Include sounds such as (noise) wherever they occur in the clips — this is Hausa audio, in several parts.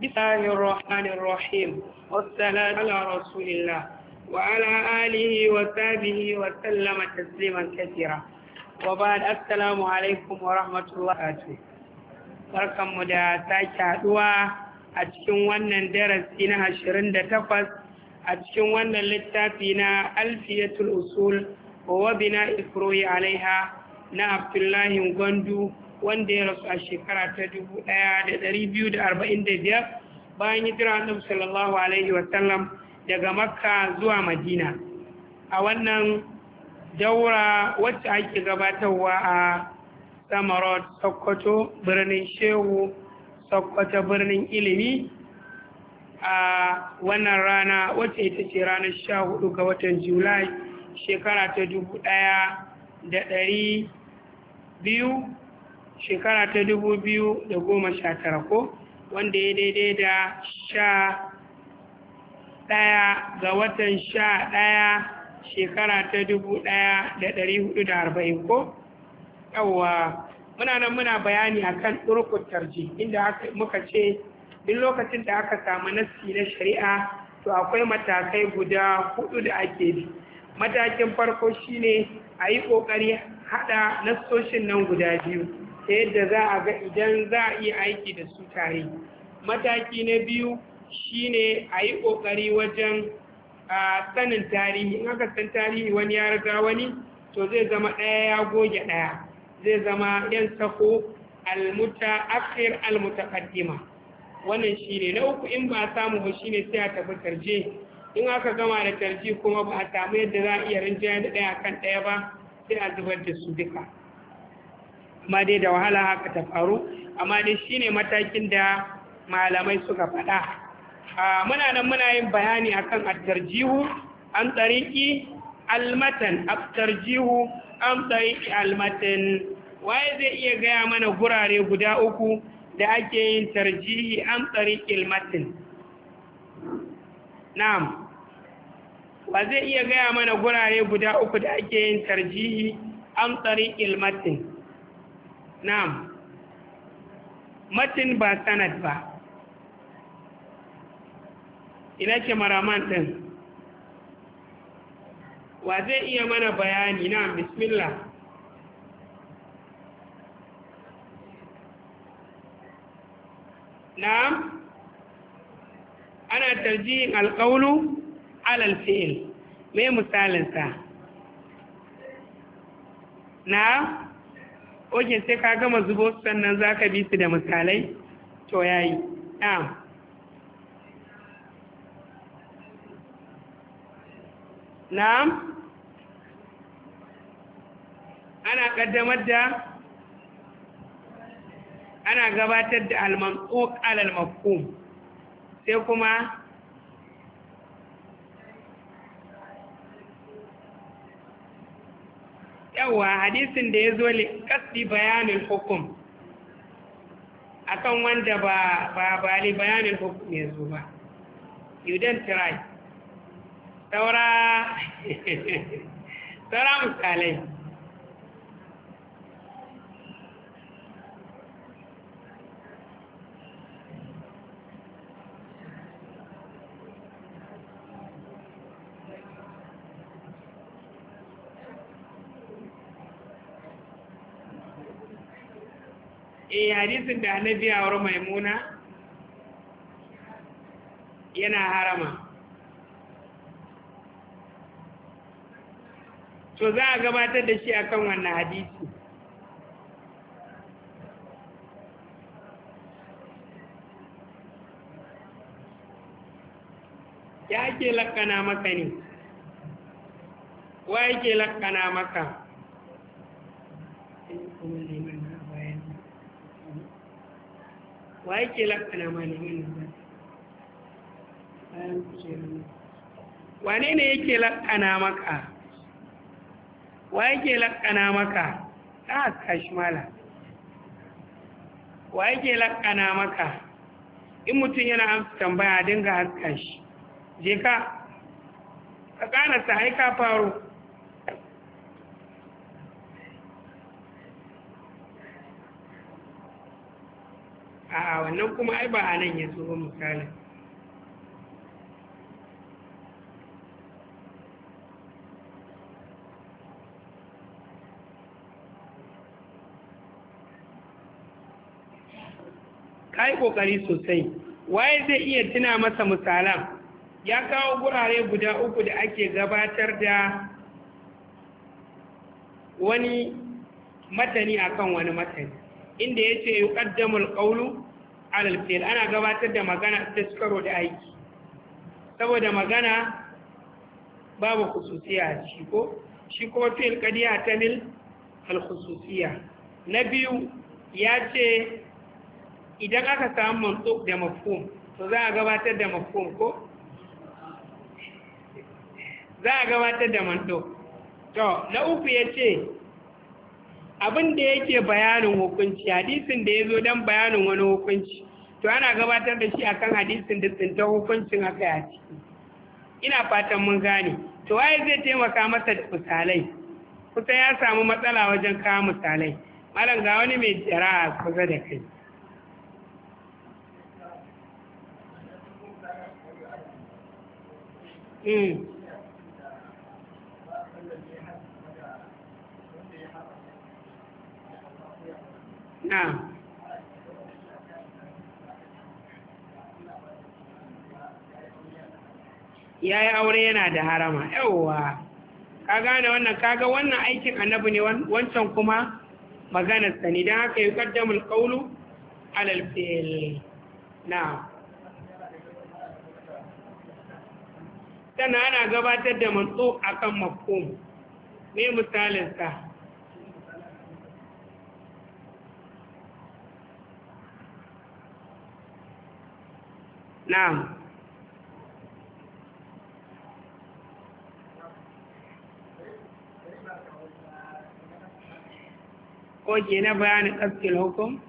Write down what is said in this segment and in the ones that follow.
بسم الله الرحمن الرحيم والسلام على رسول الله وعلى آله وسلم تسليما كثيرا وبعد السلام عليكم ورحمة الله da sake haɗuwa a cikin wannan darasi na ashirin da takwas a cikin wannan littafi na alfiyatul usul wa wabina ifroyi alaiha na abdullahi gwandu wanda ya rasu a shekara ta 1245 bayan hijira annabi sallallahu alaihi wasallam daga makka zuwa madina a wannan daura wacce ake gabatarwa a samarot sokoto birnin shehu sokoto birnin ilimi a wannan rana wacce ita ce ranar sha hudu ga watan julai shekara ta dubu ɗaya da ɗari biyu shekara ta dubu biyu da goma sha tara ko wanda ya daidai da sha ɗaya ga watan sha ɗaya shekara ta dubu ɗaya da ɗari hudu da arba'in ko yawwa muna nan muna bayani akan turkun tarji inda muka ce duk lokacin da aka samu nassi na shari'a to akwai matakai guda hudu da ake bi matakin farko shine a yi ƙoƙari haɗa nassoshin nan guda biyu ta yadda za a ga idan za a iya aiki da su tare mataki na biyu shine a yi ƙoƙari wajen sanin tarihi in aka san tarihi wani ya riga wani to zai zama ɗaya ya goge ɗaya zai zama yan sako almuta akhir almutaqaddima wannan shine na uku in ba a samu ba shine sai a tafi tarje in aka gama da tarji kuma ba a samu yadda za a iya rinjaya da ɗaya kan ɗaya ba sai a zubar da su duka amma dai da wahala haka ta faru amma dai shine matakin da malamai suka faɗa muna nan muna yin bayani akan at-tarjihu an tariki almatan at-tarjihu an tariki almatan waye zai iya gaya mana gurare guda uku da ake yin tarjihi an tariki almatan na'am ba zai iya gaya mana gurare guda uku da ake yin tarjihi an tsari almatan. na'am matin ba sanad ba ina ce maraman ɗin wa zai iya mana bayani na bismillah na'am ana tarjihin alƙaunu alal fi'il me misalinsa na oke sai ka gama zubo sannan za ka bi su da misalai to ya yi na'am ana kaddamar da ana gabatar da almantsok alalmakum sai kuma yawa hadisin da ya zo kasdi bayanin hukum akan wanda ba ba bali bayanin hukum ya zo ba you don't try saura (laughs) saura mutalai eh hadisin da annabi ya aure maimuna yana harama to za a gabatar da shi akan wannan hadisi ya ke lakana maka ne wa ke lakana maka wa yake lakana malamin nan bayan wane ne yake lakana maka wa yake lakana maka a kashmala wa yake lakana maka in mutum yana amsa tambaya dinga haska je ka ka ƙarasa haika faru a'a wannan kuma ai ba a nan ya zo misali ka yi ƙoƙari sosai waye zai iya tuna masa misalan ya kawo gurare guda uku da ake gabatar da wani matani akan wani matani inda ya ce yuqaddamul qawlu alal fi'l ana gabatar da magana ta karo da aiki saboda magana babu khususiya shi ko shi ko fi'l qad ta al khususiya na biyu ya ce idan aka samu mantuk da mafhum to za a gabatar da mafhum ko za a gabatar da manto to na uku ya ce abin da yake bayanin hukunci hadisin da ya zo don bayanin wani hukunci to ana gabatar da shi akan hadisin da tsinta hukuncin aka yi a ciki ina fatan mun gane to waye zai taimaka masa da misalai kusa ya samu matsala wajen kawo misalai malam ga wani mai jara'a kusa da kai Mm. ya yi aure yana da harama yauwa ka gane wannan kaga wannan aikin annabi ne wancan kuma maganarsa ne don haka yi kaddamul kaulu alal fi'il na sannan ana gabatar da matso akan mafhum me misalinsa na'am ke na bayanin ƙasƙil hukum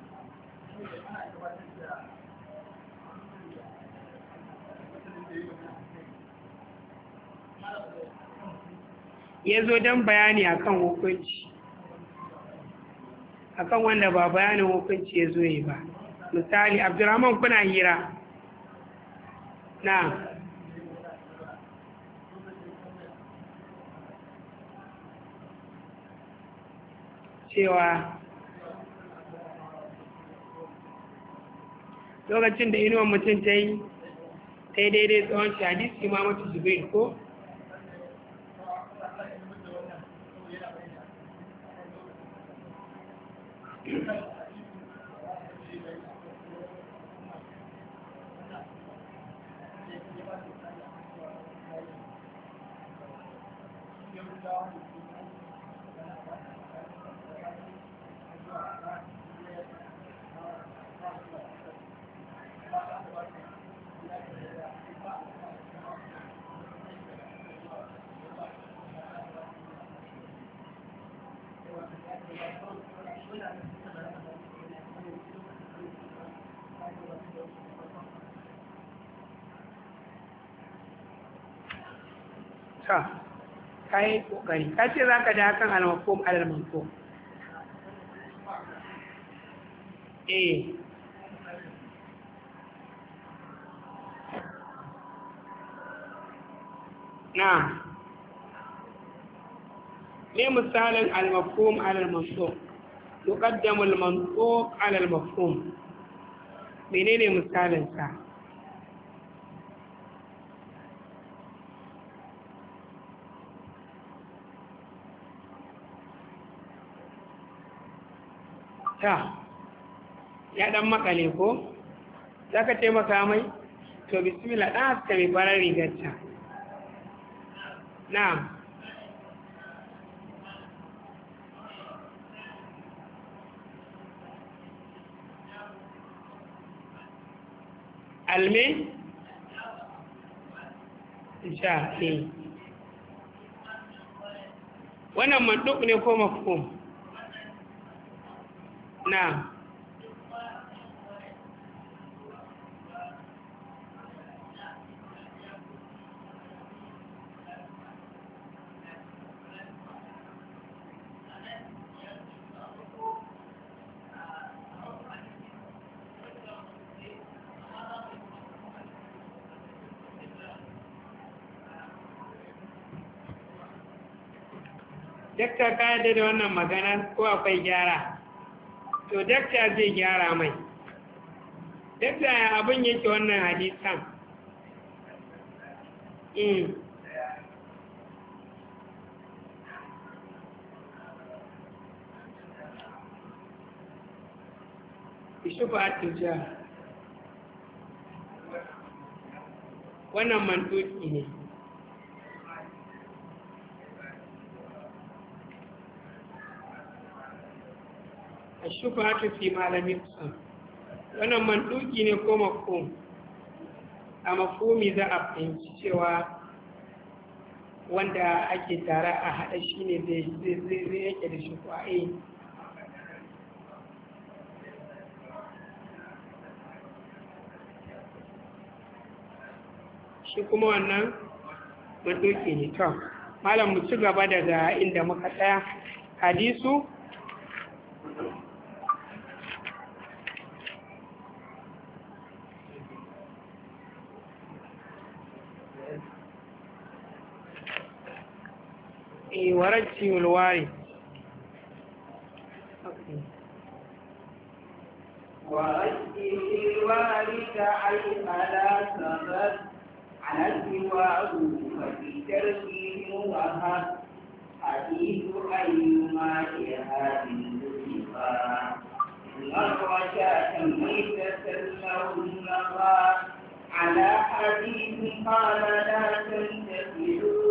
ya zo don bayani akan hukunci akan wanda ba bayanin hukunci ya zo yi ba misali abdurrahman kuna hira cewa lokacin da inuwan mutum ta yi ta yi daidai tsawon shi hadisi ma mutu zubair ko Thank you. ka kai kokari ka ce za ka da kan almakom alalmanko eh na ne misalin almakom alalmanko yuqaddamu almanko alalmakom menene misalin sa ta ya dan makale ko za ka taimaka mai to bismillah ɗan haska mai farar rigarta na alme sha wannan manduk ne ko mafhum na dakta ka da wannan magana ko akwai gyara to dakta zai gyara mai dakta ya abin yake wannan hadisan mm. shufa'atul jahil wannan mantuki ne ta fi malamin wannan manduki ne ko mako. a mafhumi za a fahimci cewa wanda ake tara a haɗa shi ne zai yake da shi kwaye shi kuma wannan manduki ne ta? malam mu ci gaba daga inda muka tsaya hadisu ورجي الواري ورجي الواري حيث لا سبب على سواه فبتركه وهب حديث أيما جهاد الرفا مرشاة ميتة له النظار على حديث قال لا تنتفعوا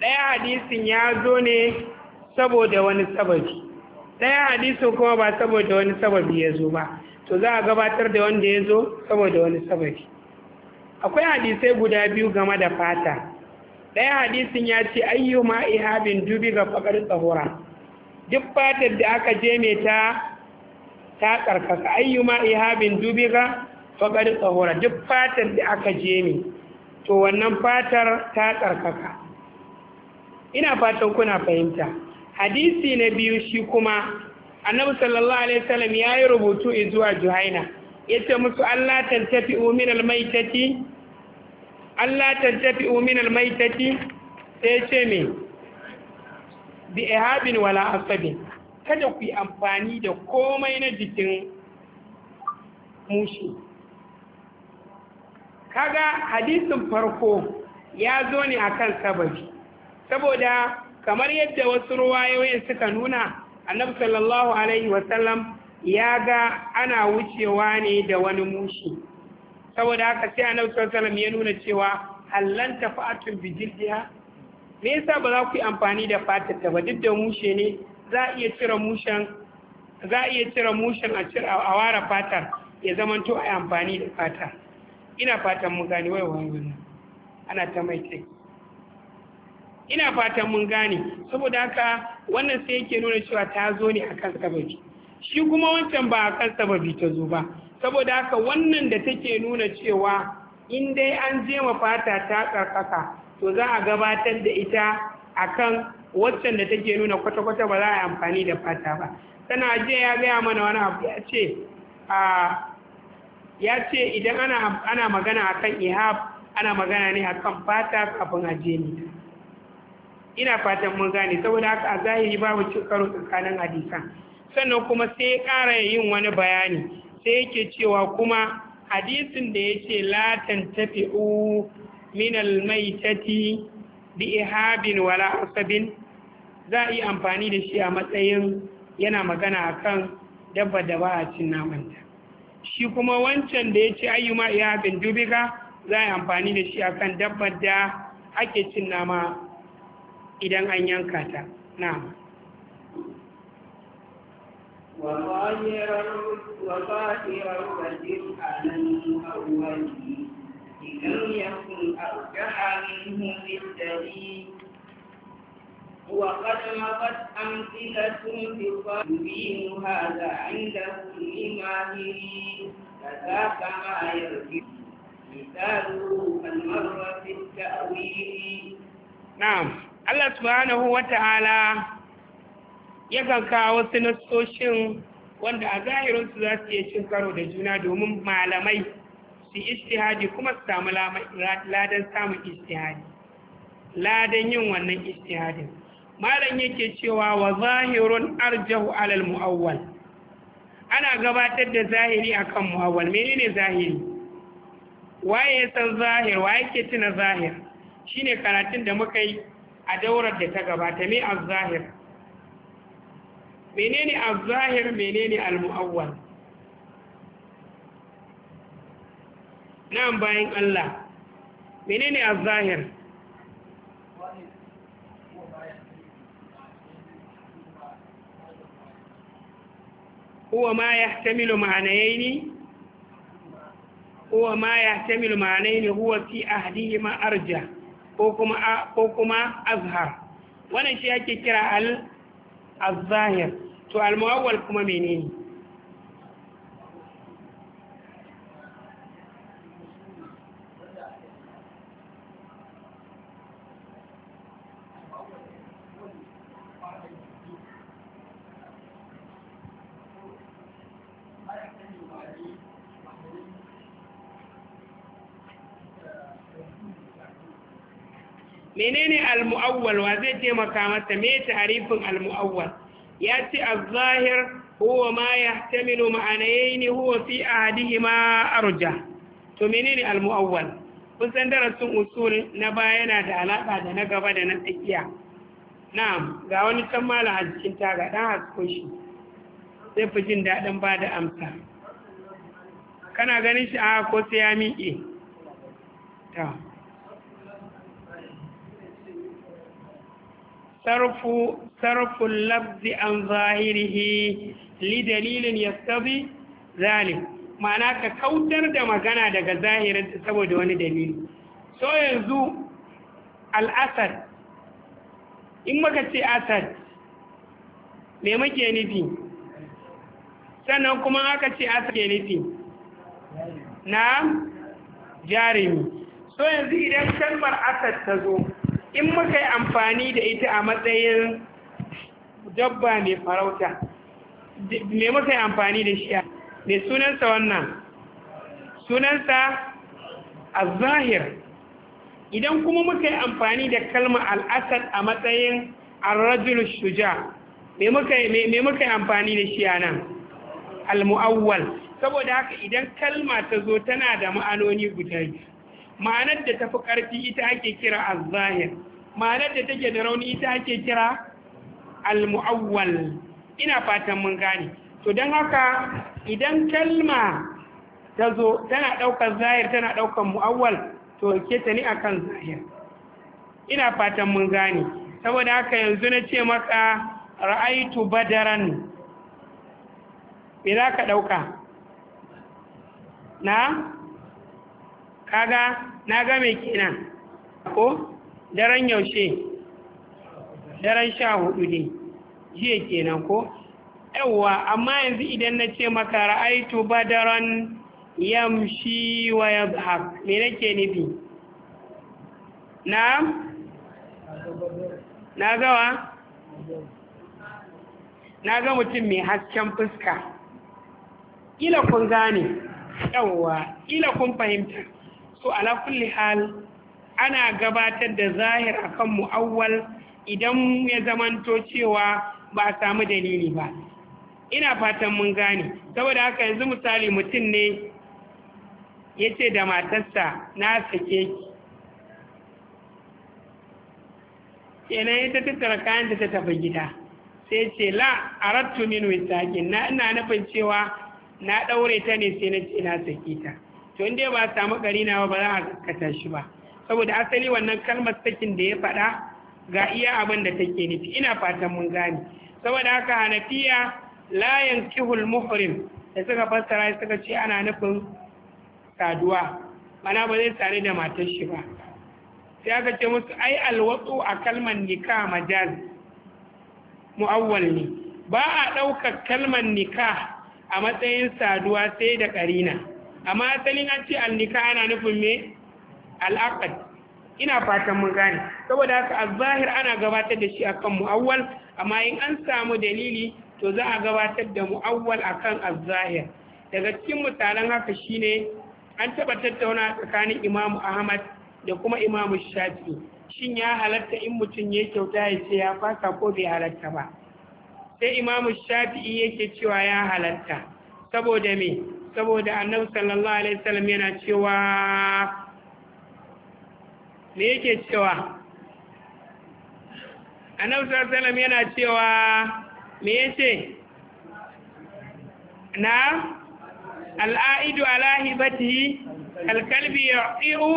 ɗaya hadisin ya zo ne saboda wani sababi ɗaya hadisin kuma ba saboda wani sababi ya zo ba to za a gabatar da wanda ya zo saboda wani sababi akwai hadisai guda biyu game da fata ɗaya hadisin ya ce ayyu ma ihabin dubi ga fakar tsahura duk fatar da aka je mai ta ta karkasa ayyu ma ihabin dubi ga fakar tsahura duk fatar da aka je mai to wannan fatar ta karkaka ina fatan kuna fahimta hadisi na biyu shi kuma annabi sallallahu alaihi wasallam ya yi rubutu zuwa juhaina ya ce musu allah tantafi umin almaitati allah tantafi umin almaitati sai ce me bi ihabin wala asabin kada ku yi amfani da komai na jikin mushi kaga hadisin farko ya zo ne akan sababi saboda kamar yadda wasu ruwayoyin suka nuna annabi sallallahu alaihi wasallam ya ga ana wucewa ne da wani mushi saboda haka sai annabi sallallahu alaihi ya nuna cewa hallan bi bijildiha me yasa ba za ku yi amfani da fatar ta ba duk da mushe ne za a iya cire mushen za a iya cire mushen a cire a ware fatar ya zamanto a yi amfani da fatar ina fatan mu gani wai wani ana ta mai take ina fatan mun gane saboda haka wannan sai yake nuna cewa ta zo ne akan sababi shi kuma wancan ba akan sababi ta zo ba saboda haka wannan da take nuna cewa in dai an je fata ta karkaka to za a gabatar da ita akan waccan da take nuna kwata-kwata ba za a yi amfani da fata ba tana je ya gaya mana wani abu ya ce ya ce idan ana magana akan ihab ana magana ne akan fata kafin a je ni ina fatan mun gane saboda haka a zahiri babu cin karo tsakanin hadisan sannan kuma sai ya ƙara yin wani bayani sai yake cewa kuma hadisin da yake la tantafi'u min almaitati bi ihabin wala asabin za a yi amfani da shi a matsayin yana magana akan dabba da ba a cin namanta shi kuma wancan da ya ce ayyuma ihabin dubiga za a yi amfani da shi akan dabba da ake cin nama idan an yanka ta na'am وظاهرا وجرحا أوله لم يكن أرجح منه بالدليل وقد مضت أمثلة تبين هذا عند كل ماهر فذاك ما يرجع مثاله المرة في التأويل نعم Allah subhanahu wata'ala yakan kawo wasu nasoshin wanda a zahirinsu za su iya cin karo da juna domin malamai su istihadi kuma su samu ladan samun istihadi ladan yin wannan istihadin malam yake cewa wa zahirun arjahu alal mu'awwal ana gabatar da zahiri akan mu'awwal menene zahiri waye ya san zahir waye ke tuna zahir shine karatun da muka yi a daurar da ta gabata ne az-zahir menene az-zahir menene al nan bayan Allah menene az-zahir huwa ma yahtamilu ma'anaini huwa ma yahtamilu ma'anaini huwa fi ma arja' ko kuma azhar wannan shi ake kira al azahir to al muawwal kuma menene menene al-mu'awwal wa zai taimaka mata me ta'arifin al-mu'awwal ya ce al zahir huwa ma yahtamilu ma'anayn huwa fi ahadihima arja to menene al-mu'awwal kun san darasin usul na baya yana da alaka da na gaba da na tsakiya na'am ga wani san mala a cikin taga dan hasko shi sai fi jin daɗin ba da amsa kana ganin shi a ko sai ya miƙe ta sarfu sarful labzi an zahirihi li dalilin yastabi zalim ma'ana ka kautar da magana daga zahirin saboda wani dalili so yanzu al'asar in maka ce asad me muke nufi sannan kuma aka ce asad ke nufi na jarumi so yanzu idan kalmar asad ta zo in muka yi amfani da ita a matsayin dabba mai farauta me muka yi amfani da shi mai sunansa wannan sunansa a zahir idan kuma muka yi amfani da kalma al'asar a matsayin arrajul shuja me muka yi amfani da shi a nan al-mu'awwal saboda haka idan kalma ta zo tana da ma'anoni guda biyu ma'anar da tafi ƙarfi ita ake kira al-zahir ma'anar da take da rauni ita ake kira al-mu'awwal ina fatan mun gane to don haka idan kalma ta zo tana ɗaukar zahir tana ɗaukar mu'awwal to ke ta ni akan zahir ina fatan mun gane saboda haka yanzu na ce maka ra'aitu badaran me za ka ɗauka na kaga na ga mai kenan ko daren yaushe daren sha hudu ne jiya kenan ko Yauwa, amma yanzu idan na ce maka ra'aitu badaran yamshi wa yadhhak me nake nufi na na gawa na ga mutum mai hasken fuska ila kun gane Yauwa, ila kun fahimta to ala kulli hal ana gabatar da zahir akan mu'awwal idan ya zamanto cewa ba a samu dalili ba ina fatan mun gane saboda haka yanzu misali mutum ne ya ce da matarsa na sake ki kenan ita tattara kayan da ta tafi gida sai ce la a rattu min na ina nufin cewa na ɗaure ta ne sai na ce na sake ta to inda ba a samu karina ba ba za a shi ba saboda asali wannan kalmar sakin da ya faɗa ga iya abin da take nufi ina fatan mun gane saboda haka hanafiya la yankihul muhrim da suka fassara suka ce ana nufin saduwa mana ba zai tare da matar shi ba sai aka ce musu ai alwatsu a kalmar nikah majaz mu'awwal ne ba a ɗaukar kalmar nikah a matsayin saduwa sai da ƙarina amma asalin an ce alnika ana nufin me al'aqad ina fatan mun gane saboda haka azahir ana gabatar da shi akan mu'awwal amma in an samu dalili to za a gabatar da mu'awwal akan azahir daga cikin misalan haka shine an taba tattauna tsakanin Imam Ahmad da kuma Imam Shafi'i shin ya halatta in mutum ya kyauta ya ce ya fasa ko bai halatta ba sai Imam Shafi'i yake cewa ya halatta saboda me saboda annabi sallallahu alaihi wasallam yana cewa me yake cewa annabi sallallahu alaihi wasallam yana cewa me yace na al'aidu ala hibatihi alkalbi ya'iu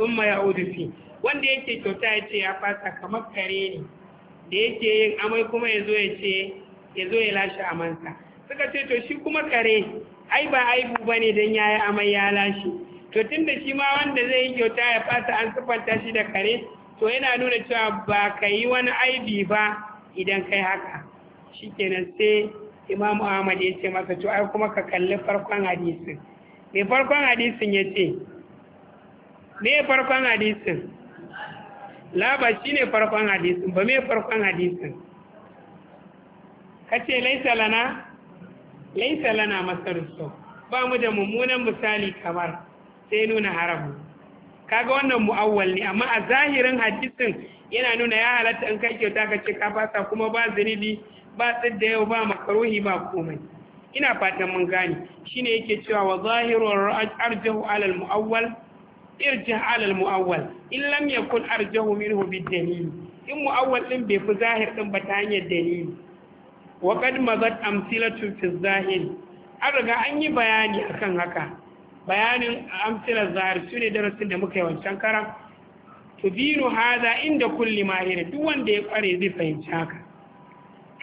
thumma ya'udu fi wanda yake kyauta yace ya fasa kamar kare ne da yake yin amai kuma yazo yace yazo ya lashe amansa suka ce to shi kuma kare ai ba aibu ba ne don ya yi amai ya lashe to tun da shi ma wanda zai yi kyauta ya fata an siffanta shi da kare to yana nuna cewa ba ka yi wani aibi ba idan kai haka shi kenan sai Imam ahmad ya ce masa to ai kuma ka kalli farkon hadisin me farkon hadisin ya ce me farkon hadisin laba shi ne farkon hadisin ba me farkon hadisin ka ce laisa lana laisa lana so ba mu da mummunan misali kamar sai nuna haramu kaga wannan mu'awwal ne amma a zahirin hadisin yana nuna ya halatta in kai kyauta ka ce ka fasa kuma ba zunubi ba tsidda yau ba makaruhi ba komai ina fatan mun gane shine yake cewa wa zahirul arjahu alal mu'awwal alal mu'awwal in lam yakun arjahu minhu bid dalil in mu'awwal din bai fi zahir din ba ta hanyar dalili wa qad mazat amsilatu fi zahir an riga an yi bayani akan haka bayanin amsilar zahir sune darasin da muka yi wancan karan tubinu haza inda kulli mahir duk wanda ya kware zai fahimci haka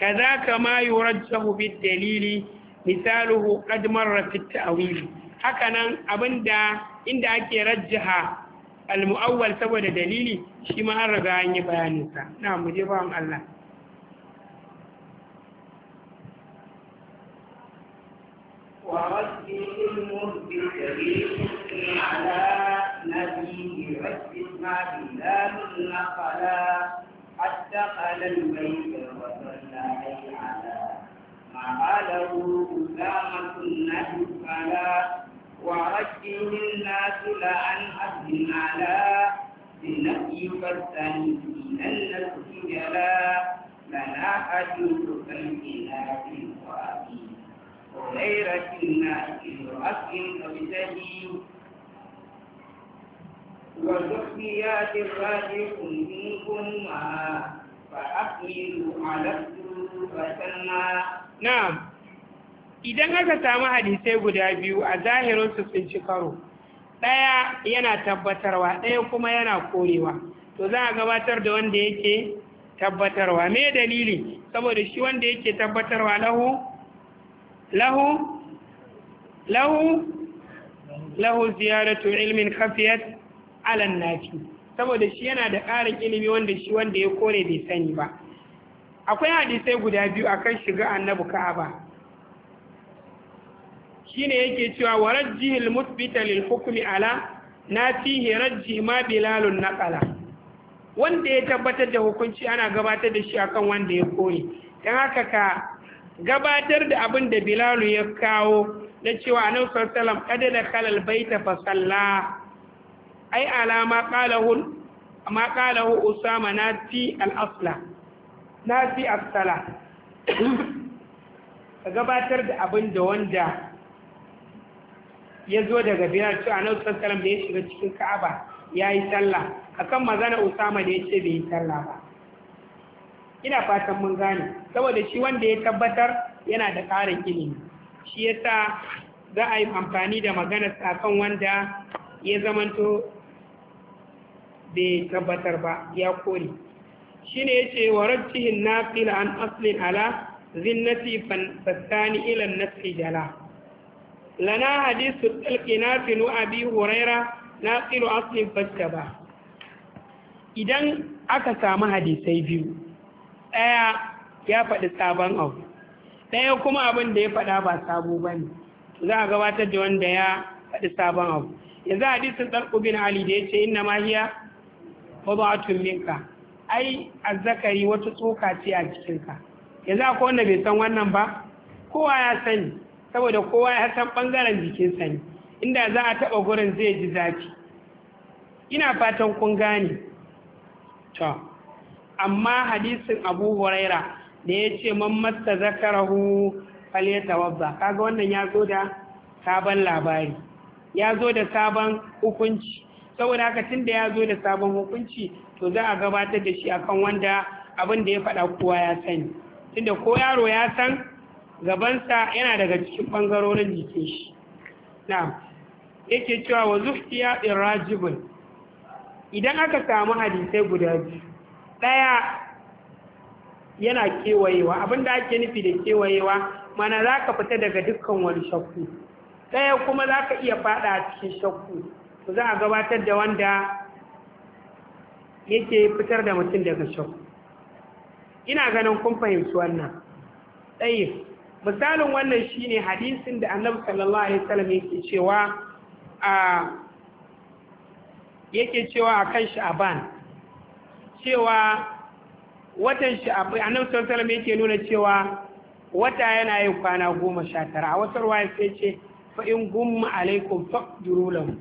kaza kama yurajjahu bid dalili misaluhu qad marra fi ta'wil nan abinda inda ake rajjaha al mu'awwal saboda dalili shi ma an riga an yi bayanin sa na mu je ba Allah وربي المهد كريمك على نبيه عجز ما بلا من نقلا أدخل البيت وصلى على ما قاله أسامة النبي فلا ورجه الناس لأن أبن على بالنبي فاستني من النفس جلا لنا حديث خلقنا في غير كنا الراجح فأحمل على نعم Idan aka samu hadisai guda biyu a zahirinsu sun ci karo, ɗaya yana tabbatarwa ɗaya kuma yana korewa, to za a gabatar da wanda yake tabbatarwa. Me dalili, saboda shi wanda yake tabbatarwa lahu له له له زيادة علم خفيت على الناس saboda shi yana da ƙarin ilimi wanda shi wanda ya kore bai sani ba akwai hadisai guda biyu akan shiga annabi ka'aba shine yake cewa wa rajjihil musbita lil hukmi ala nafihi rajji ma bilalun naqala wanda ya tabbatar da hukunci ana gabatar da shi akan wanda ya kore dan haka ka gabatar da abin da Bilal ya kawo na cewa annabi sallallahu alaihi da kalal baita fa salla ai alama qalahu ma qalahu usama nati al asla nati as sala gabatar da abin da wanda ya zo daga bilal cewa annabi sallallahu alaihi da ya shiga cikin ka'aba yayi sallah akan magana usama da yace bai yi sallah ba ina fatan mun gane saboda shi wanda ya tabbatar yana da ƙarin ilimi shi yasa za a yi amfani da maganar akan wanda ya zamanto bai tabbatar ba ya kore shi ne ya ce wa rajjihin naqil an aslin ala zinnati fastani ila nasi jala lana hadisu talqi nafilu abi huraira naqilu aslin ba. idan aka samu hadisai biyu ɗaya ya faɗi sabon abu ɗaya kuma abin da ya faɗa ba sabo ba ne za a gabatar da wanda ya faɗi sabon abu Ya za a ɗarku bin ali da ya ce inna mahiya? hiya a tumminka ai azzakari wata tsoka ce a jikinka yanzu ko wanda bai san wannan ba kowa ya sani saboda kowa ya san ɓangaren jikin sani inda za a taɓa gurin zai ji zafi ina fatan kun gane amma hadisin abu huraira da ya ce man matta zakarahu falyata wabba kaga wannan ya zo da sabon labari ya zo da sabon hukunci saboda haka tun da ya zo da sabon hukunci to za a gabatar da shi akan wanda abin da ya faɗa kowa ya sani tunda ko yaro ya san gabansa yana daga cikin ɓangarorin jikin shi na yake cewa wa zuhtiya irrajibun idan aka samu hadisai guda biyu ɗaya yana kewayewa abinda ake nufi da kewayewa mana za ka fita daga dukkan wani shakku ɗaya kuma za ka iya faɗa a cikin shakku to za a gabatar da wanda yake fitar da mutum daga shakku ina ganin kun fahimci wannan ɗaya misalin wannan shine hadisin da annabi sallallahu alaihi wasallam yake cewa a yake cewa akan sha'aban cewa watan a nan sallallahu salama yake nuna cewa wata yana yin kwana goma sha tara a wasu ruwa sai ce fa'in in gumma alaikum faqduru lahu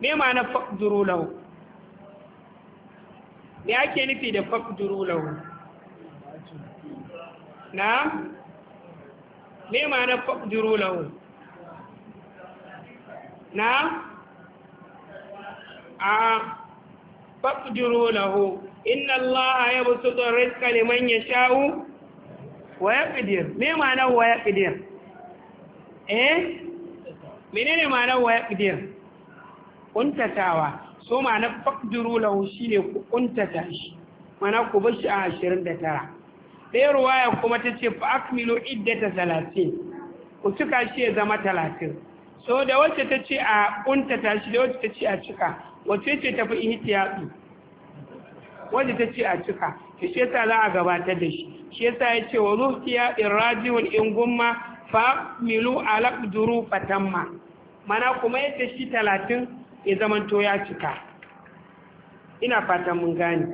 me na faqduru lahu me ake nufi da faqduru lahu na me na faqduru lahu na a na lahu inna allaha yabsutu rizqa liman yasha'u wa yaqdir me ma'ana wa yaqdir eh menene ma'ana wa yaqdir kuntatawa so ma'anar faqdiru lahu shine ku kuntata shi mana ku bashi a 29 ɗaya ruwaya kuma ta ce fa akmilu iddata 30 ku cika shi ya zama 30 so da wacce ta ce a kuntata shi da wacce ta ce a cika wacce ce tafi ihtiyatu wanda ta ce a cika shi shi yasa za a gabatar da shi shi yasa ya ce wa ruhtiya irrajiun in gumma fa milu duru fatamma mana kuma ya ce shi talatin ya zamanto ya cika ina fatan mun gane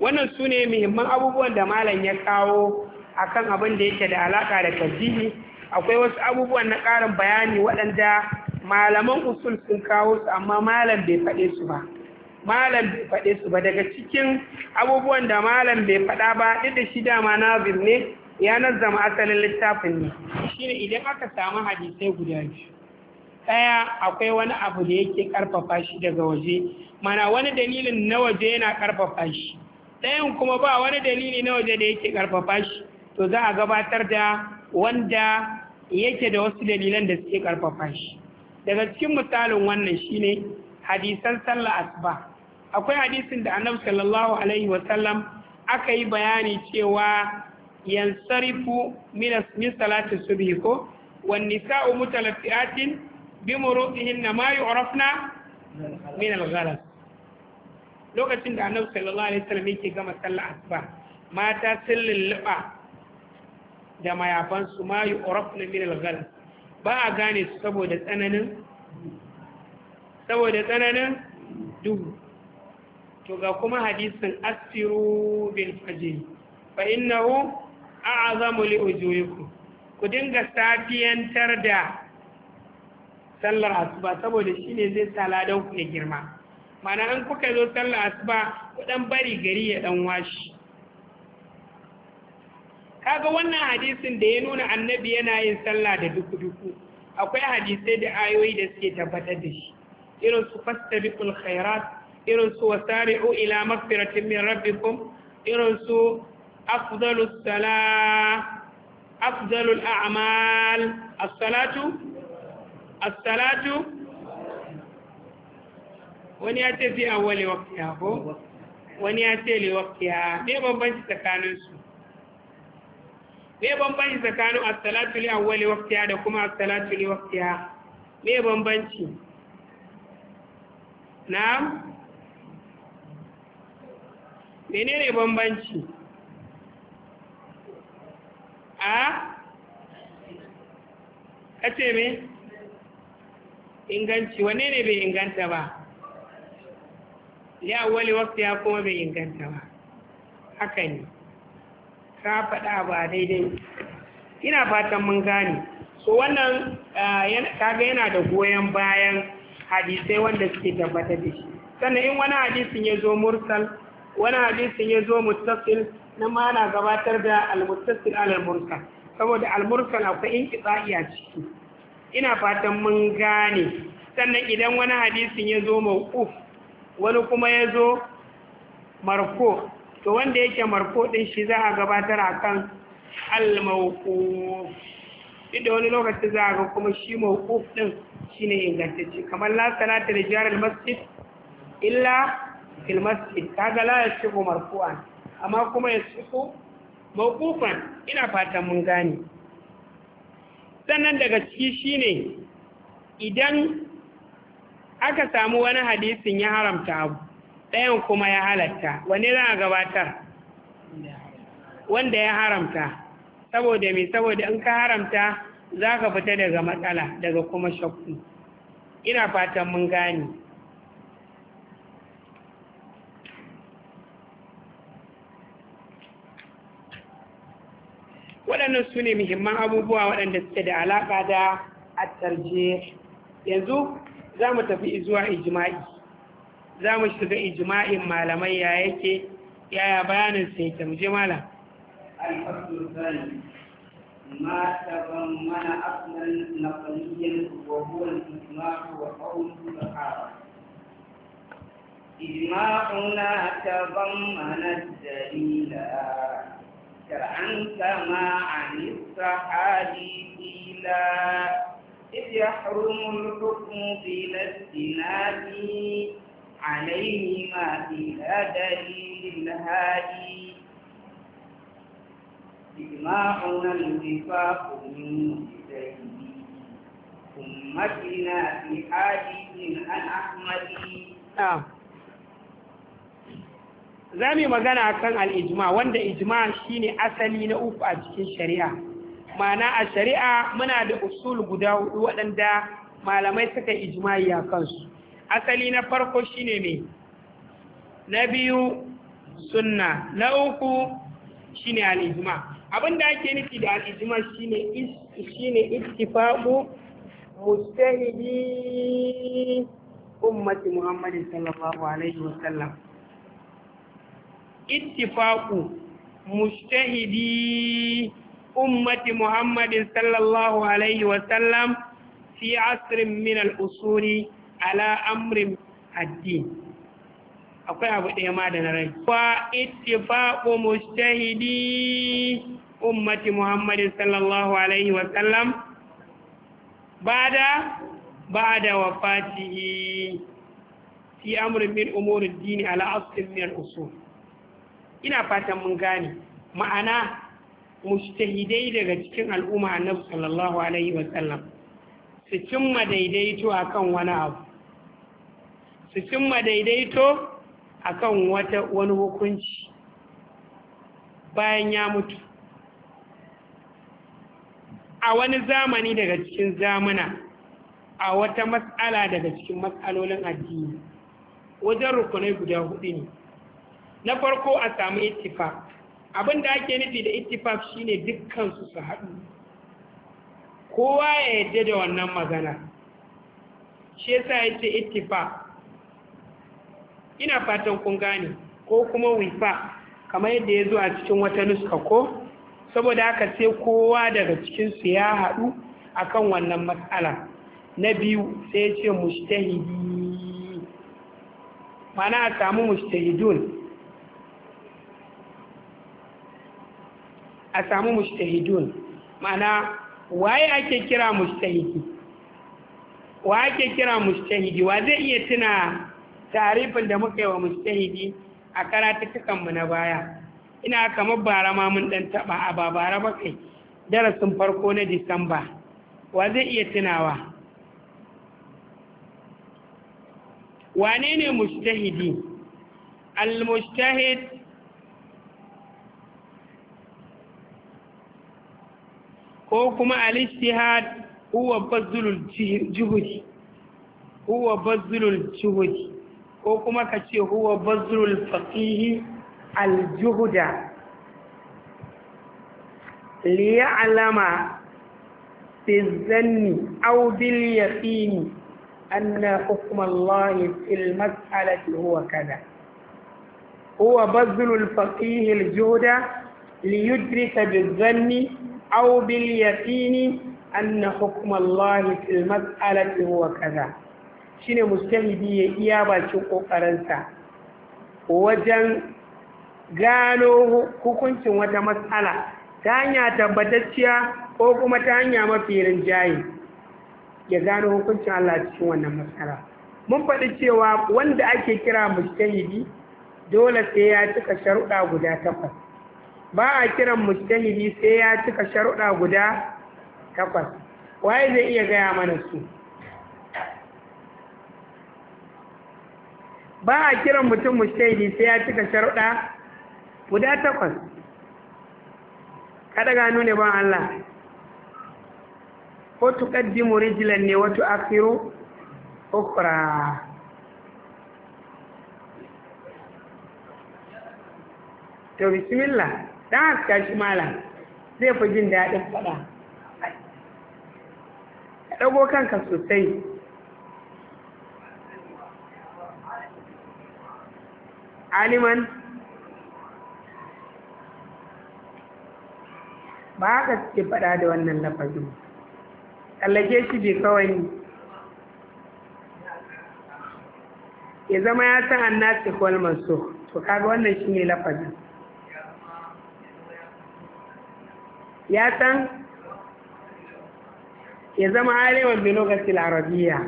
wannan su ne muhimman abubuwan da malam ya kawo akan abin da yake da alaka da tasbihi akwai wasu abubuwan na ƙarin bayani waɗanda malaman usul sun kawo su amma malam bai faɗe su ba malam bai faɗe su ba daga cikin abubuwan da malam bai faɗa ba duk da shi dama na ne ya nazama asalin littafin ne shine idan aka samu hadisai guda biyu ɗaya akwai wani abu da yake ƙarfafa shi daga waje mana wani dalilin na waje yana ƙarfafa shi ɗayan kuma ba wani dalili na waje da yake ƙarfafa shi to za a gabatar da wanda yake da wasu dalilan da suke ƙarfafa shi daga cikin misalin wannan shine hadisan sallah asuba akwai hadisin da annabi sallallahu alaihi wasallam aka yi bayani cewa yansarifu min salati subhi ko wan nisa'u mutalaffiatin bi murudihinna ma yu'rafna min al-ghalas lokacin da annabi sallallahu alaihi wasallam yake gama sallah asuba mata sun lulluɓa da mayafansu ma yu'rafna min al-ghalas ba a gane su saboda tsananin saboda tsananin duhu to ga kuma hadisin asiru bil fajr fa innahu a'zamu li ujuyikum ku dinga safiyantar da sallar asuba saboda shine zai sa ladan ku ya girma mana an kuka zo sallar asuba ku dan bari gari ya dan washi kaga wannan hadisin da ya nuna annabi yana yin sallah da duku-duku akwai hadisai da ayoyi da suke tabbatar da shi irin su fastabiqul khairat irin su wasari'u ila magfiratin min rabbikum irin su afdalus salah afdalul a'mal as-salatu as-salatu wani ya ce fi awwali waqtiha ko wani ya ce li waqtiha me bambanci tsakaninsu me bambanci tsakanin as-salatu li awwali waqtiya da kuma as-salatu li waqtiya me bambanci na'am menene bambanci a kace me inganci wanne ne bai inganta ba li awwali waqtiha kuma bai inganta ba haka ne ka faɗa ba daidai ina fatan mun gane so wannan eh, kaga yana da goyon bayan hadisai wanda suke tabbatar da shi sannan in wani hadisin ya zo mursal wani hadisin ya zo muttasil na ma na gabatar da almuttasil alal mursal saboda almursal akwai inqita'i a ciki ina fatan mun gane sannan idan wani hadisin ya zo mauquf wani kuma ya zo marko to wanda yake marfo din shi za a gabatar akan al-mawquf idan wani lokaci za a ga kuma shi mawquf din shine ingantacce kamar la salata li al masjid illa fil masjid kaga la yasifu marfu'an amma kuma yasifu mawqufan ina fatan mun gane sannan daga ciki shine idan aka samu wani hadisin ya haramta abu ɗayan kuma ya halatta wane za a gabatar wanda ya haramta saboda mai saboda in ka haramta za ka fita daga matsala daga kuma shakku ina fatan mun gani waɗannan su ne muhimman abubuwa waɗanda suke da alaƙa da a tarje yanzu za mu tafi zuwa ijima'i za mu shiga ijma'in malamai ya yake yaya bayanin sai ta muje malam ما تضمن أصلا نقليا وهو الإجماع وقوله تعالى إجماعنا تضمن الدليل شرعا كما عن الصحابي إذ يحرم الحكم بلا استناد عليهما في دليل هادي إجماعنا الوفاق من مجتهد أمتنا في حديث عن أحمد نعم za mu yi magana a kan al'ijima wanda ijima shine asali na uku a cikin shari'a mana a shari'a muna da usul guda hudu waɗanda malamai suka ijima a kansu asali na farko shine ne na biyu sunna na uku shine Alijima. ijma abinda ake nufi da Alijima ijma shine shine ittifaqu mustahidi ummati muhammadin sallallahu alaihi wasallam ittifaqu mustahidi ummati muhammadin sallallahu alaihi wasallam fi asrin min al-usuli ala amrin addini akwai abu ɗaya ma da na rai wa ittifaqu mustahidi ummati muhammadin sallallahu alaihi wa sallam bada bada wafatihi fi amrin min umuri dini ala aslin min usul ina fatan mun gane ma'ana mustahidai daga cikin al'umma annabi sallallahu alaihi wa sallam su cimma daidaito akan wani abu su cimma daidaito a kan wani hukunci bayan ya mutu a wani zamani daga cikin zamana a wata matsala daga cikin matsalolin addini wajen rukunai guda hudu ne na farko a samu ittifaq abin da ake nufi da ittifaq shine dukkan su su haɗu kowa ya yadda da wannan magana shi yasa yace ittifaq ina fatan kun gane ko kuma wifa kamar yadda ya zo a cikin wata nuska ko saboda haka sai kowa daga cikinsu ya haɗu akan wannan matsala na biyu sai ce mustahidi mana a samu mustahidun a samu mustahidun mana waye ake kira mustahidi wa ake kira mustahidi wa zai iya tuna tarifin da muka yi wa mustahidi a karatukanmu na baya ina kamar bara ma mun dan taba a babara darasin farko na disamba wa zai iya tunawa wane ne mustahidi al-mustahid ko kuma al istihad huwa bazzulul juhudi huwa bazzulul juhudi ko kuma ka ce huwa bazrul faqihi aljuhuda liya'lama fi zanni aw bil yaqini anna hukm Allah fil mas'alati huwa kada huwa bazrul faqihi aljuhuda ليدرك بالظن أو باليقين أن حكم الله في المسألة Huwa, kada. shine mustahidi ya iya bakin ƙoƙarinsa wajen gano hukuncin wata matsala ta hanya tabbatacciya ko kuma ta hanya mafi rinjaye ya gano hukuncin Allah cikin wannan matsala mun faɗi cewa wanda ake kira mujtahidi dole sai ya cika sharuɗa guda takwas ba a kiran mujtahidi sai ya cika sharuɗa guda takwas waye zai iya gaya mana su ba a kiran mutum mushaidi sai ya cika sharuɗa guda takwas kada gano ne ban Allah ko tuqaddimu rijilan ne wato akhiru ukhra to bismillah dan haska shi mala zai fi jin daɗin faɗa ka ɗago kanka sosai aliman ba haka suke faɗa da wannan lafazin tsallake shi bai kawai ne ya zama ya san annasi kwal masu to kaga wannan shi ne lafazin ya san ya zama aliman bi lokacin arabiya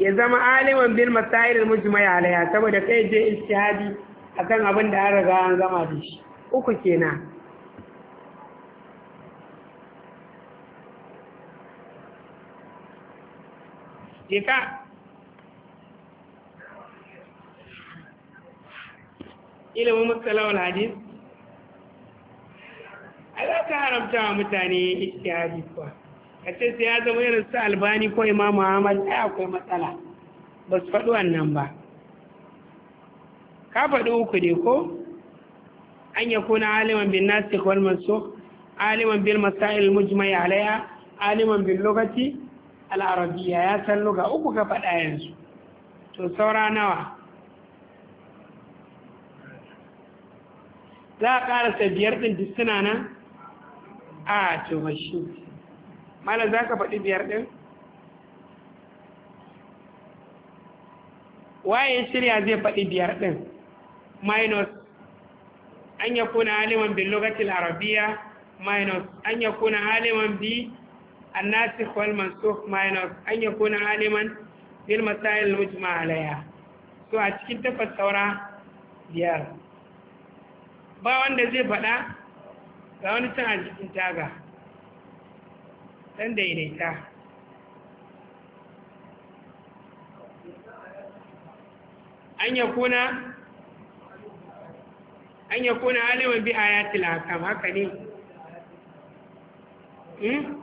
ya zama aliman bil masail al mujmai alaiha saboda kai je ijtihadi akan abin da an riga an gama da shi uku kenan jika ilimin matsalawar hadis a za ka haramta wa mutane ijtihadi kuwa ka ce sai ya zama irin su albani ko imamu ahmad ai akwai matsala ba su faɗi wannan ba ka faɗi uku ne ko an ya kuna aliman bin nasik wal mansukh aliman bin masail mujmai alaiha aliman bil lugati al arabiyya ya san luga uku ka faɗa yanzu to saura nawa za a ƙarasa biyar ɗin duk suna nan a to mashi malam za ka faɗi biyar ɗin waye shirya zai faɗi biyar ɗin minus an ya kuna aliman bin lokacin arabiya minus an ya kuna aliman bi nasi kwalman so minus an ya kuna aliman bin matsayin mujma alaiha to a cikin tafas saura biyar ba wanda zai faɗa ga wani can a jikin taga ɗan daidaita an ya kuna an ya kuna aliman bi haka ne hmm?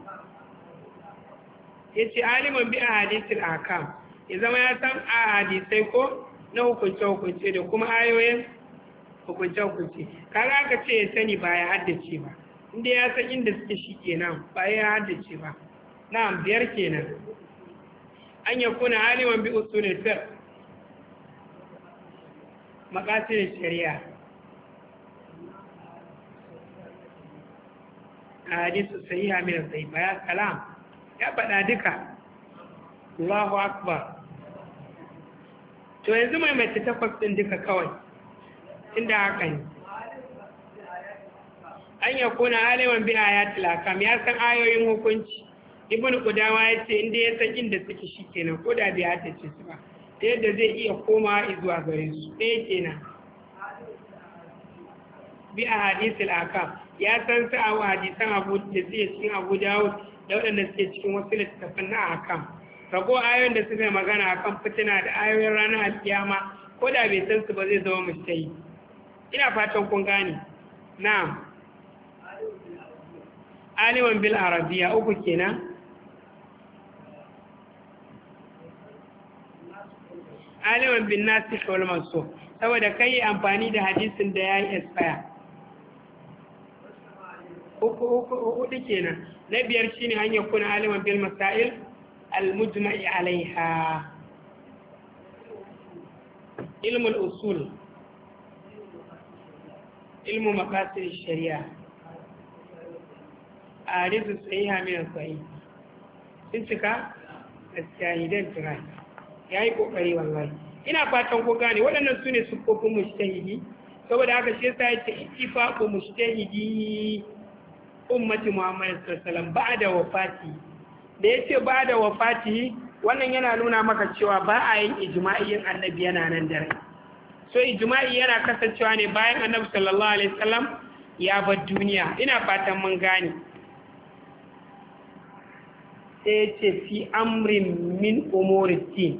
ya ce aliman bi hadisun akam ya zama ya san a hadisai ko na hukunce-hukunce da kuma ayoyin hukunce-hukunce kaga aka ce ya sani ba ya haddace ba inda ya san inda suke shi kenan ba ya ce ba na biyar kenan an yi kuna aliman bi ne fiqh maqasid shari'a hadith sahiha min zai ya kalam ya faɗa duka Allahu akbar to yanzu mai mace takwas ɗin duka kawai inda haka ne an ya kuna aliman bi ayatul kam ya san ayoyin hukunci ibn Kudawa ya ce inda ya san inda suke shi kenan ko da biya ta ce su ba ta yadda zai iya komawa izuwa gare su ɗaya kenan bi a hadisul ahkam ya san su a hadisan abu da suke cikin abu dawud da waɗanda suke cikin wasu littattafan na akam rago ayoyin da suka magana akan fitina da ayoyin ranar alkiyama ko da bai san su ba zai zama mushtahi ina fatan kun gane na'am aliman bil arabiya uku kenan aliman bin nasir wal mansur saboda kai amfani da hadisin da ya yi expire uku uku hudu kenan na biyar shine an yi kuna aliman bil masail al mujma'i alaiha ilmul usul ilmu maqasid shari'a arizu rizu ha mai tsayi sun cika da shahidan tira yayi kokari ƙoƙari wallahi ina fatan ko gane waɗannan su ne mushtahidi saboda haka shi yasa yace ittifaqu mushtahidi ummati muhammad sallallahu alaihi wasallam ba'da wafati da yace ba'da wafati wannan yana nuna maka cewa ba a yin ijma'iyyin annabi yana nan dare so ijma'i yana kasancewa ne bayan annabi sallallahu alaihi wasallam ya bar duniya ina fatan mun gane sai ce fi amrin min umuritin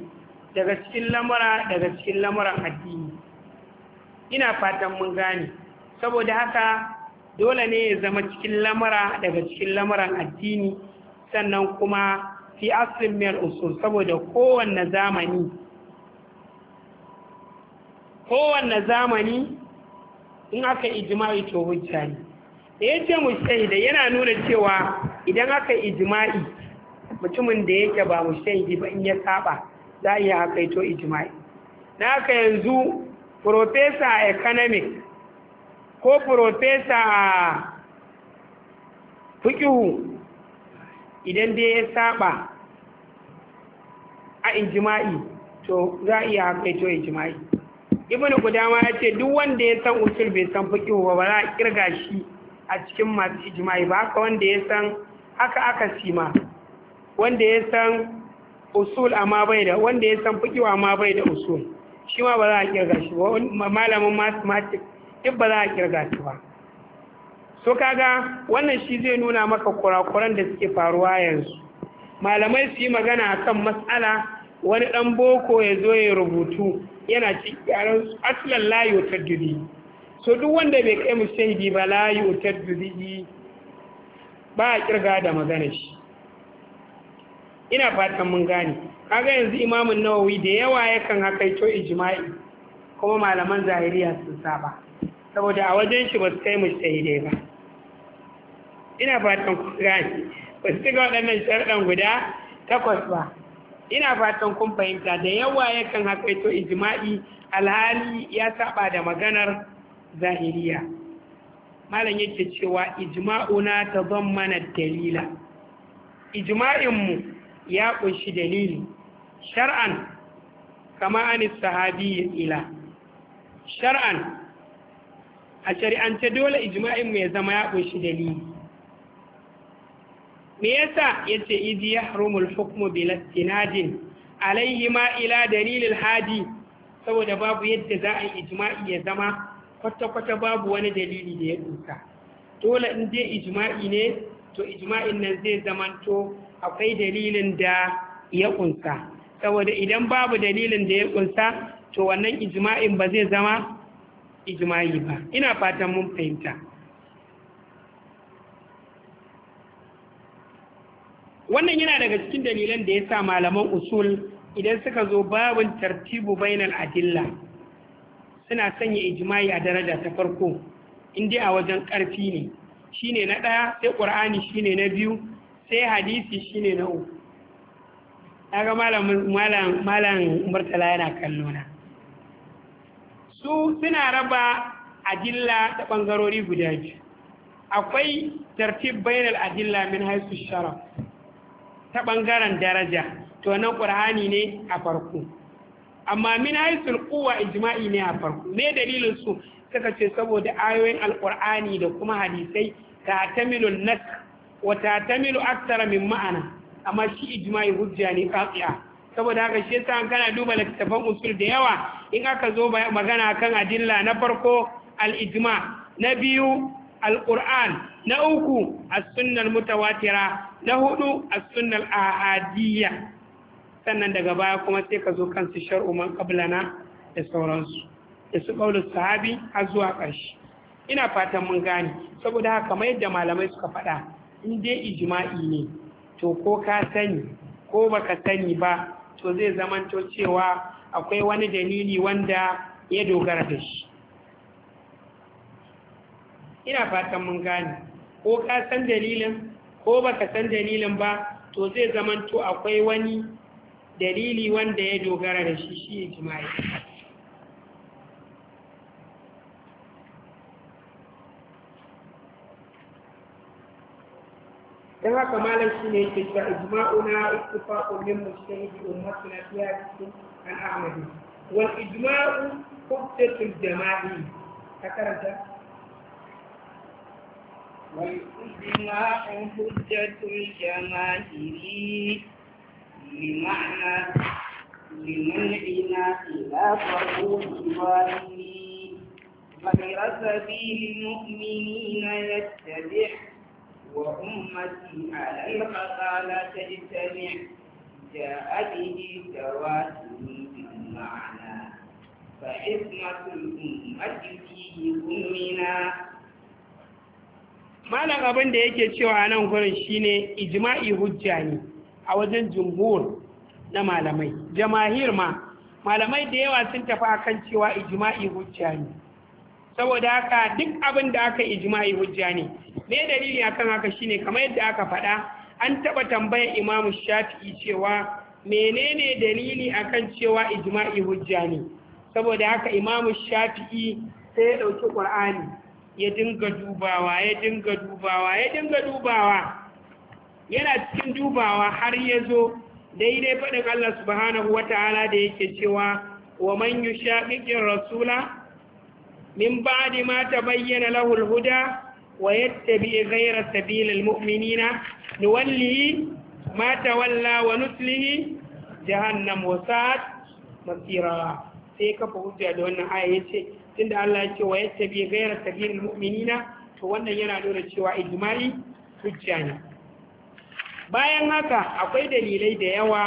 daga cikin lamura daga cikin lamuran addini ina fatan mun gane saboda haka dole ne ya zama cikin lamura daga cikin lamuran addini sannan kuma fi asirin mai usul saboda kowanne zamani kowanne zamani in aka ijima'i to hujja ne da ya ce mu shaida yana nuna cewa idan aka ijima'i mutumin da yake ba mushtahidi ba in ya saba za a iya hakaito ijima'i na haka yanzu profesa a economic ko profesa a fukihu idan da ya saba a ijima'i to za a iya hakaito ijima'i ibn Kudama ya ce duk wanda ya san usul bai san fukihu ba ba za a kirga shi a cikin masu ijima'i ba haka wanda ya san haka aka sima wanda ya san usul amma bai da wanda ya san fikiwa amma bai da usul shi ma ba za a kirga shi ba malamin mathematics duk ba za a kirga shi ba so kaga wannan shi zai nuna maka kurakuran da suke faruwa yanzu malamai su yi magana akan matsala wani ɗan boko ya zo ya rubutu yana cikin yaran asalin layu ta dudi so duk wanda bai kai mu shahidi ba layu ta dudi ba a kirga da magana shi ina fatan mun gane kaga yanzu imamun nawawi da yawa yakan hakaito ijma'i kuma malaman zahiriya sun saba saboda a wajen shi ba su kai mujtahidai ba ina fatan kun gane ba su ga waɗannan sharɗan guda takwas ba ina fatan kun fahimta da yawa yakan hakaito ijma'i alhali ya saba da maganar zahiriya malam yake cewa ijma'una ta mana dalila ijma'inmu ya kunshi dalili shar'an kama anis sahabi ila shar'an a shari'ance dole ijma'in mai zama ya kunshi dalili me yasa yace idi harumul hukmu bil istinadin alaihi ma ila dalilil hadi saboda babu yadda za a ijma'i ya zama kwata-kwata babu wani dalili da ya duka dole in dai ijma'i ne to ijma'in nan zai zamanto akwai dalilin da ya kunsa saboda idan babu dalilin da ya kunsa to wannan ijma'in ba zai zama ijma'i ba ina fatan mun fahimta wannan yana daga cikin dalilan da ya sa malaman usul idan suka zo babin tartibu bainal adilla suna sanya ijma'i a daraja ta farko inda a wajen ƙarfi ne shine na ɗaya sai ƙur'ani shine na biyu sai hadisi shine na uku daga malam murtala yana kallona su suna raba adilla ta ɓangarori guda biyu akwai tartib bainal adilla min haisu sharaf ta ɓangaren daraja to nan ƙur'ani ne a farko amma min haisu kuwa ijma'i ne a farko me dalilin su suka ce saboda ayoyin alƙur'ani da kuma hadisai ta tamilun nas wata tamilu aksara min ma'ana amma shi ijma'i hujja ne kafiya saboda haka shi yasa an kana duba littattafan usul da yawa in aka zo magana kan adilla na farko al-ijma na biyu al-qur'an na uku as-sunnal mutawatira na hudu as-sunnal ahadiyya sannan daga baya kuma sai ka zo su shar'u man qablana da sauransu da su kaulu sahabi har zuwa ƙarshe ina fatan mun gane saboda haka kamar yadda malamai suka faɗa in dai ijma'i ne to ko ka sani ko baka sani ba to zai zamanto cewa akwai wani dalili wanda ya dogara da shi ina fatan mun gani ko ka san dalilin ko baka san dalilin ba to zai zamanto akwai wani dalili wanda ya dogara da shi shi ijma'i dan haka malam shine yake cewa ijma'una ittifaqun min mujtahidi ummatina fi hadithin an ahmad wal ijma'u hujjatul jama'i ka karanta wal ijma'u hujjatul jama'i بمعنى لمنعنا خلاف الظالمين غير سبيل المؤمنين يتبعها وأمتي على القتالة اجتمع جاء به تواته بالمعنى فحكمة الأمة فيه أمنا malam abin da yake cewa a nan gurin shine ijima'i hujja ne a wajen jumhur na malamai jamahir ma malamai da yawa sun tafi a kan cewa ijma'i hujja ne saboda haka duk abin da aka ijma'i hujja ne me dalili akan haka shine kamar yadda aka faɗa an taɓa tambayar imam shafi'i cewa menene dalili akan cewa ijma'i hujja ne saboda haka imam shafi'i sai ya ɗauki ƙur'ani ya dinga dubawa ya dinga dubawa ya dinga dubawa yana cikin dubawa har ya zo daidai faɗin Allah subhanahu wa ta'ala da yake cewa wa man yushaqiqir rasula min ba'di ma tabayyana lahu al-huda wa yattabi ghayra sabil al-mu'minina nuwallihi ma tawalla wa nuslihi jahannam wa sa'at masira sai ka fa da wannan aya yace tunda Allah ya ce wa yattabi ghayra sabil al-mu'minina to wannan yana nuna cewa ijma'i hujja ne bayan haka akwai dalilai da yawa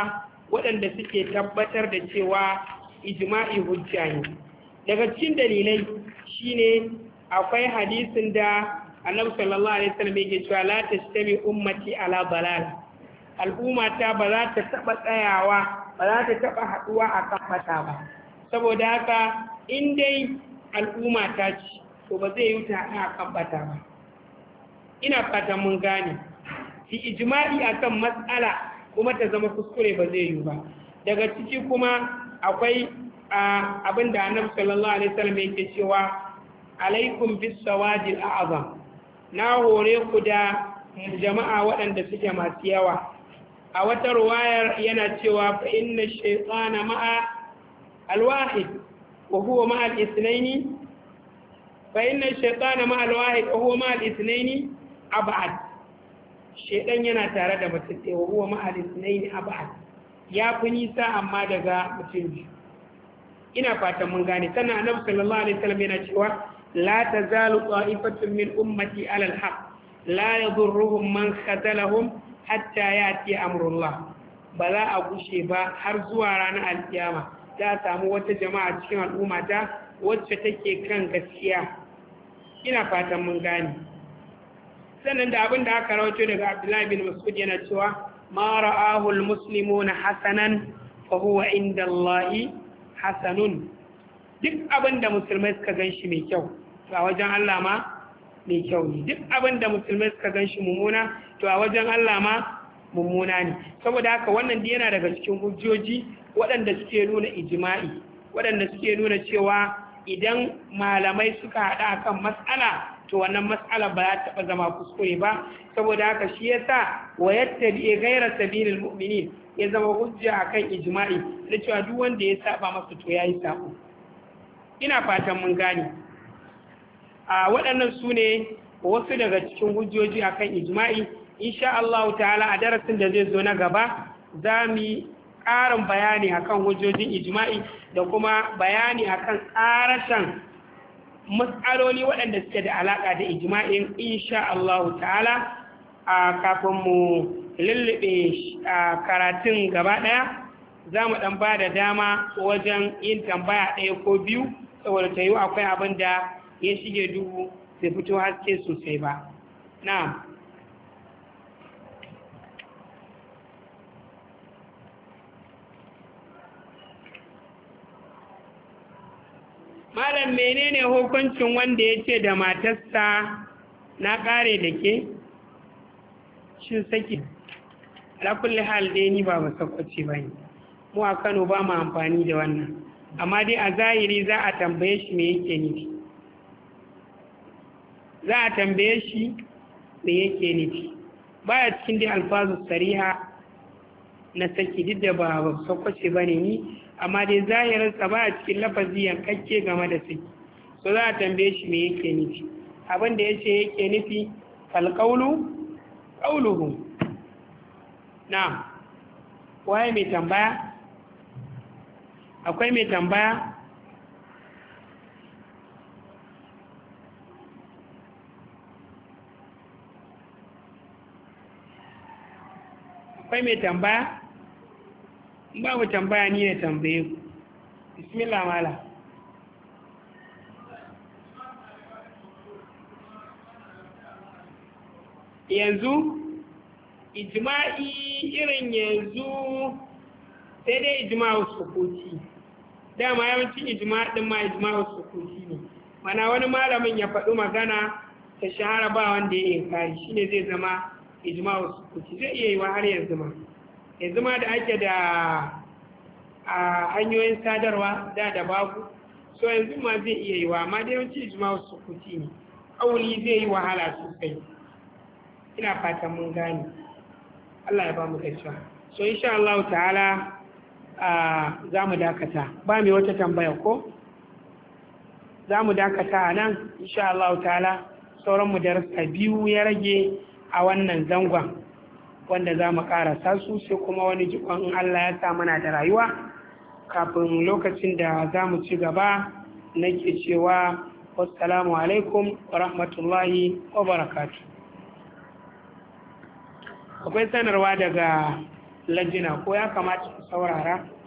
waɗanda suke tabbatar da cewa ijma'i hujja ne daga cikin dalilai shine akwai hadisin da annabi sallallahu alaihi wasallam yake cewa la tashtabi ummati ala balal al'umma ta ba za ta taba tsayawa ba za ta taba haduwa kan mata ba saboda haka in dai al'umma ta ci to ba zai yi ta a kan bata ba ina fatan mun gane fi ijma'i akan matsala kuma ta zama kuskure ba zai yi ba daga ciki kuma akwai ah, abin da annabi sallallahu alaihi wasallam yake cewa alaikum bis sawadil a'zam na hore ku da jama'a waɗanda suke masu yawa a wata ruwayar yana cewa fa inna shaytana ma'a alwahid wa huwa ma'a al-ithnaini fa inna shaytana ma'a alwahid wa huwa ma'a al-ithnaini ab'ad shaytan yana tare da mutum ɗaya wa huwa ma'a al-ithnaini ab'ad ya fi nisa amma daga mutum biyu ina fatan mun gane sannan annabi sallallahu alaihi wasallam yana cewa la tazalu ta'ifatun min ummati alal haqq la yadurruhum man khazalahum hatta yati amrullah ba za a gushe ba har zuwa ranar alkiyama ta samu wata jama'a cikin al'ummata wacce take kan gaskiya ina fatan mun gane sannan da abin da aka rawaito daga abdullahi bin mas'ud yana cewa ma ra'ahu almuslimuna hasanan fa inda allahi hasanun duk abin da musulmai suka ganshi mai kyau a wajen Allah ma mai kyau ne duk abin da musulmai suka gan shi mummuna to a wajen Allah ma mummuna ne saboda haka wannan yana daga cikin hujjoji waɗanda suke nuna ijima'i waɗanda suke nuna cewa idan malamai suka haɗa akan mas'ala, to wannan mas'ala ba za taɓa zama kuskure ba saboda haka shi yasa wa yattabi ghaira sabilil mu'minin ya zama hujja akan ijima'i. da cewa duk wanda ya saba masa to yayi sabo ina fatan mun gane a waɗannan su ne wasu daga cikin hujjoji akan ijima'i, insha Allah ta'ala a darasin da zai zo na gaba za mu ƙarin bayani akan hujjojin ijima'i da kuma bayani akan ƙarashen matsaloli waɗanda suke da alaƙa da ijma'in insha Allah ta'ala a kafin mu lullube karatun gaba ɗaya za mu ɗan ba da dama wajen yin tambaya ɗaya ko biyu saboda ta yi akwai abin da ya shige dubu bai fito haske sosai ba na malam menene hukuncin wanda ya ce da matarsa na kare da ke shin saki alakulli hal dai ni ba masakwaci ba ne mu a kano ba mu amfani da wannan amma dai a zahiri za a tambaye shi me yake nufi za a tambaye shi me yake nufi baya cikin dai alfazu sariha na saki duk da ba sakwace ba ne ni amma dai ba baya cikin lafazi yankakke game da saki so za a tambaye shi me yake nufi abin da ya ce yake nufi kalkaulu kauluhu na waye mai tambaya akwai mai tambaya akwai mai tambaya babu tambaya ni ne tambaye ku bismillah mala yanzu ijima'i irin yanzu sai dai ijima'u sukuti dama yawancin ijma' din ma ijima'u sukuti ne mana wani malamin ya faɗi magana ta shahara ba wanda ya shi ne zai zama ijma'u sukuti zai iya yi wa har yanzu ma yanzu ma da ake da a hanyoyin sadarwa da da babu so yanzu ma zai iya yi wa ma da yawanci su sukuti ne auli zai yi wahala sosai ina fatan mun gane Allah ya ba mu gaisuwa so insha Allah ta'ala za mu dakata ba mai wata tambaya ko za mu dakata a nan insha Allah ta'ala sauran mu darasa biyu ya rage a wannan zangon wanda za mu karasa su sai kuma wani jikon in Allah ya sa mana da rayuwa kafin lokacin da za mu ci gaba nake cewa wassalamu alaikum wa rahmatullahi wa barakatu akwai sanarwa daga lajina ko ya kamata mu saurara